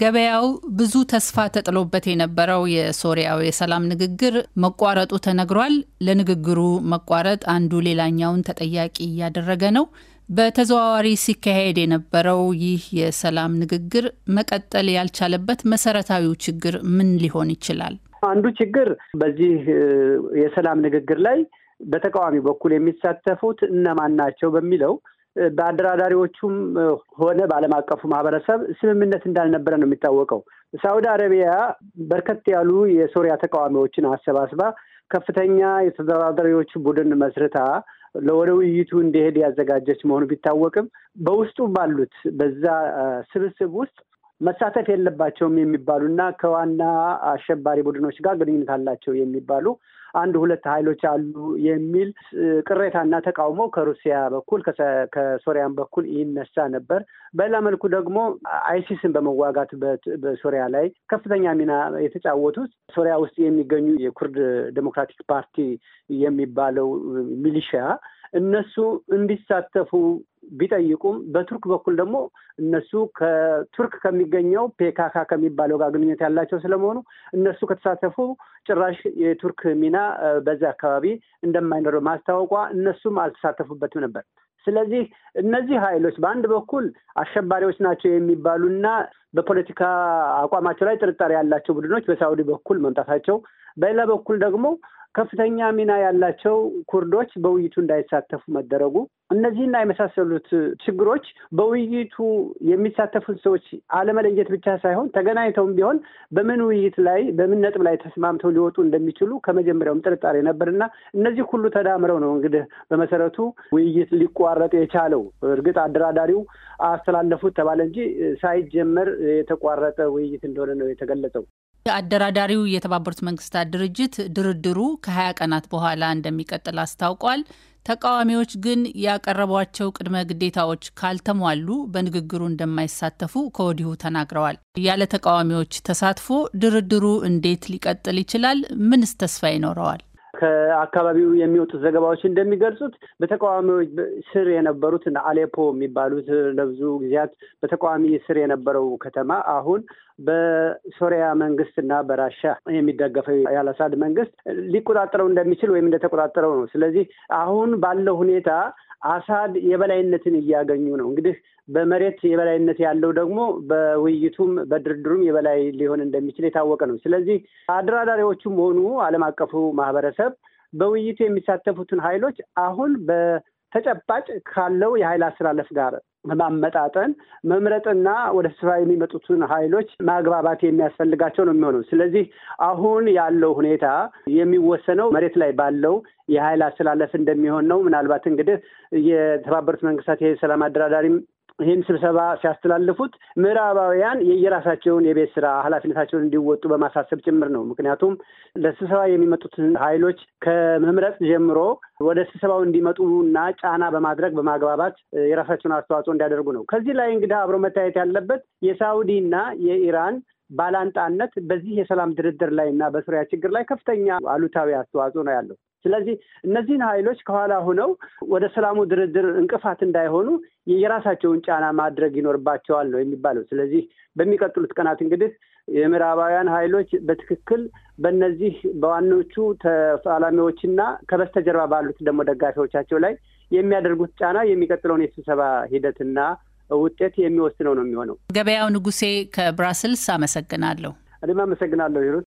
ገበያው ብዙ ተስፋ ተጥሎበት የነበረው የሶሪያው የሰላም ንግግር መቋረጡ ተነግሯል። ለንግግሩ መቋረጥ አንዱ ሌላኛውን ተጠያቂ እያደረገ ነው። በተዘዋዋሪ ሲካሄድ የነበረው ይህ የሰላም ንግግር መቀጠል ያልቻለበት መሰረታዊው ችግር ምን ሊሆን ይችላል? አንዱ ችግር በዚህ የሰላም ንግግር ላይ በተቃዋሚ በኩል የሚሳተፉት እነማን ናቸው በሚለው በአደራዳሪዎቹም ሆነ በዓለም አቀፉ ማህበረሰብ ስምምነት እንዳልነበረ ነው የሚታወቀው። ሳውዲ አረቢያ በርከት ያሉ የሶሪያ ተቃዋሚዎችን አሰባስባ ከፍተኛ የተደራዳሪዎች ቡድን መስርታ ለወደ ውይይቱ እንዲሄድ ያዘጋጀች መሆኑ ቢታወቅም በውስጡ ባሉት በዛ ስብስብ ውስጥ መሳተፍ የለባቸውም የሚባሉ እና ከዋና አሸባሪ ቡድኖች ጋር ግንኙነት አላቸው የሚባሉ አንድ ሁለት ኃይሎች አሉ የሚል ቅሬታና ተቃውሞ ከሩሲያ በኩል ከሶሪያን በኩል ይነሳ ነበር። በሌላ መልኩ ደግሞ አይሲስን በመዋጋት በሶሪያ ላይ ከፍተኛ ሚና የተጫወቱት ሶሪያ ውስጥ የሚገኙ የኩርድ ዴሞክራቲክ ፓርቲ የሚባለው ሚሊሺያ እነሱ እንዲሳተፉ ቢጠይቁም በቱርክ በኩል ደግሞ እነሱ ከቱርክ ከሚገኘው ፔካካ ከሚባለው ጋር ግንኙነት ያላቸው ስለመሆኑ እነሱ ከተሳተፉ ጭራሽ የቱርክ ሚና በዚህ አካባቢ እንደማይኖረው ማስታወቋ እነሱም አልተሳተፉበትም ነበር። ስለዚህ እነዚህ ኃይሎች በአንድ በኩል አሸባሪዎች ናቸው የሚባሉና በፖለቲካ አቋማቸው ላይ ጥርጣሬ ያላቸው ቡድኖች በሳውዲ በኩል መምጣታቸው በሌላ በኩል ደግሞ ከፍተኛ ሚና ያላቸው ኩርዶች በውይይቱ እንዳይሳተፉ መደረጉ፣ እነዚህና የመሳሰሉት ችግሮች በውይይቱ የሚሳተፉት ሰዎች አለመለየት ብቻ ሳይሆን ተገናኝተውም ቢሆን በምን ውይይት ላይ በምን ነጥብ ላይ ተስማምተው ሊወጡ እንደሚችሉ ከመጀመሪያውም ጥርጣሬ እና እነዚህ ሁሉ ተዳምረው ነው እንግዲህ በመሰረቱ ውይይት ሊቋረጥ የቻለው። እርግጥ አደራዳሪው አስተላለፉት ተባለ እንጂ ሳይጀመር የተቋረጠ ውይይት እንደሆነ ነው የተገለጸው። አደራዳሪው የተባበሩት መንግስታት ድርጅት ድርድሩ ከ20 ቀናት በኋላ እንደሚቀጥል አስታውቋል። ተቃዋሚዎች ግን ያቀረቧቸው ቅድመ ግዴታዎች ካልተሟሉ በንግግሩ እንደማይሳተፉ ከወዲሁ ተናግረዋል። ያለ ተቃዋሚዎች ተሳትፎ ድርድሩ እንዴት ሊቀጥል ይችላል? ምንስ ተስፋ ይኖረዋል? ከአካባቢው የሚወጡት ዘገባዎች እንደሚገልጹት በተቃዋሚዎች ስር የነበሩት አሌፖ የሚባሉት ለብዙ ጊዜያት በተቃዋሚ ስር የነበረው ከተማ አሁን በሶሪያ መንግስት እና በራሻ የሚደገፈው የአላሳድ መንግስት ሊቆጣጠረው እንደሚችል ወይም እንደተቆጣጠረው ነው። ስለዚህ አሁን ባለው ሁኔታ አሳድ የበላይነትን እያገኙ ነው። እንግዲህ በመሬት የበላይነት ያለው ደግሞ በውይይቱም በድርድሩም የበላይ ሊሆን እንደሚችል የታወቀ ነው። ስለዚህ አደራዳሪዎቹም ሆኑ ዓለም አቀፉ ማህበረሰብ በውይይቱ የሚሳተፉትን ኃይሎች አሁን ተጨባጭ ካለው የኃይል አስተላለፍ ጋር በማመጣጠን መምረጥና ወደ ስፍራ የሚመጡትን ኃይሎች ማግባባት የሚያስፈልጋቸው ነው የሚሆነው። ስለዚህ አሁን ያለው ሁኔታ የሚወሰነው መሬት ላይ ባለው የኃይል አስተላለፍ እንደሚሆን ነው። ምናልባት እንግዲህ የተባበሩት መንግስታት የሰላም አደራዳሪም ይህን ስብሰባ ሲያስተላልፉት ምዕራባውያን የየራሳቸውን የቤት ስራ ኃላፊነታቸውን እንዲወጡ በማሳሰብ ጭምር ነው። ምክንያቱም ለስብሰባ የሚመጡትን ኃይሎች ከመምረጥ ጀምሮ ወደ ስብሰባው እንዲመጡ እና ጫና በማድረግ በማግባባት የራሳቸውን አስተዋጽኦ እንዲያደርጉ ነው። ከዚህ ላይ እንግዲህ አብሮ መታየት ያለበት የሳውዲ እና የኢራን ባላንጣነት በዚህ የሰላም ድርድር ላይ እና በሱሪያ ችግር ላይ ከፍተኛ አሉታዊ አስተዋጽኦ ነው ያለው። ስለዚህ እነዚህን ኃይሎች ከኋላ ሆነው ወደ ሰላሙ ድርድር እንቅፋት እንዳይሆኑ የራሳቸውን ጫና ማድረግ ይኖርባቸዋል ነው የሚባለው። ስለዚህ በሚቀጥሉት ቀናት እንግዲህ የምዕራባውያን ኃይሎች በትክክል በእነዚህ በዋናዎቹ ተፋላሚዎችና ከበስተጀርባ ባሉት ደግሞ ደጋፊዎቻቸው ላይ የሚያደርጉት ጫና የሚቀጥለውን የስብሰባ ሂደትና ውጤት የሚወስነው ነው የሚሆነው። ገበያው ንጉሴ ከብራስልስ አመሰግናለሁ። እኔም አመሰግናለሁ ሂሩት።